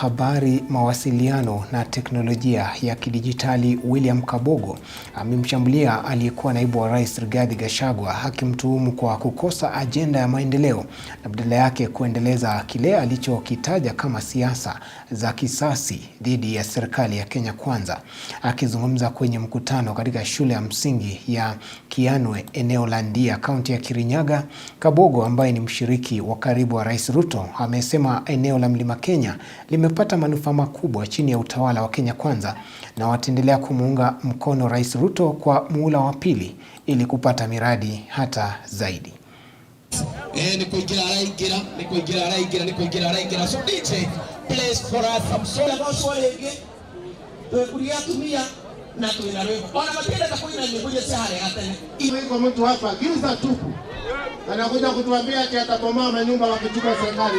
habari, mawasiliano na teknolojia ya kidijitali William Kabogo amemshambulia aliyekuwa naibu wa rais Rigathi Gachagua akimtuhumu kwa kukosa ajenda ya maendeleo na badala yake kuendeleza kile alichokitaja kama siasa za kisasi dhidi ya serikali ya Kenya Kwanza. Akizungumza kwenye mkutano katika shule ya msingi ya Kianwe, eneo la Ndia, kaunti ya Kirinyaga, Kabogo ambaye ni mshiriki wa karibu wa Rais Ruto amesema eneo la Mlima Kenya lime umepata manufaa makubwa chini ya utawala wa Kenya Kwanza na wataendelea kumuunga mkono Rais Ruto kwa muhula wa pili ili kupata miradi hata zaidi. kwa eh, mtu hapa giza tupu anakuja kutuambia ati atabomoa manyumba wakichukua serikali.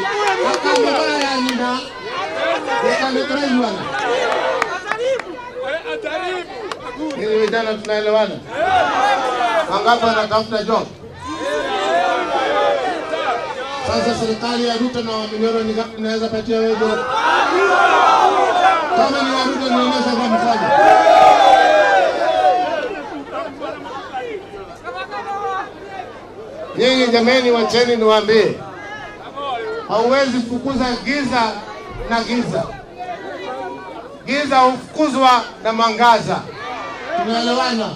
Hii vijana tunaelewana? Wangapi wanatafuta job? Sasa serikali ya Ruto na Waminyoro ni ngapi patia wewe job? Kama ni Ruto nionyeshe kwa mfano. Nyinyi jameni, wacheni niwaambie, hauwezi kukuza giza na giza. Giza hufukuzwa na mwangaza. Tunaelewana?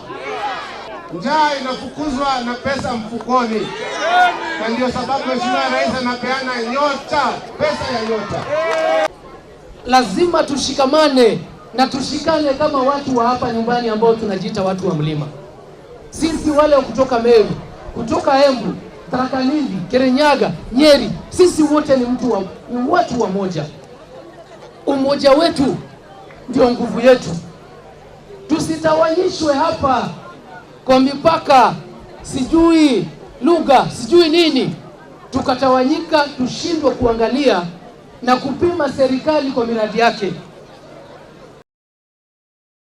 Njaa inafukuzwa na pesa mfukoni, na ndio sababu Mheshimiwa Rais anapeana nyota, pesa ya nyota. Lazima tushikamane na tushikane kama watu wa hapa nyumbani ambao tunajiita watu wa mlima. Sisi wale kutoka Meru, kutoka Embu, Tharaka Nithi, Kirinyaga, Nyeri, sisi wote ni mtu wa, ni watu wa moja. Umoja wetu ndio nguvu yetu. Tusitawanyishwe hapa kwa mipaka, sijui lugha, sijui nini, tukatawanyika, tushindwe kuangalia na kupima serikali kwa miradi yake.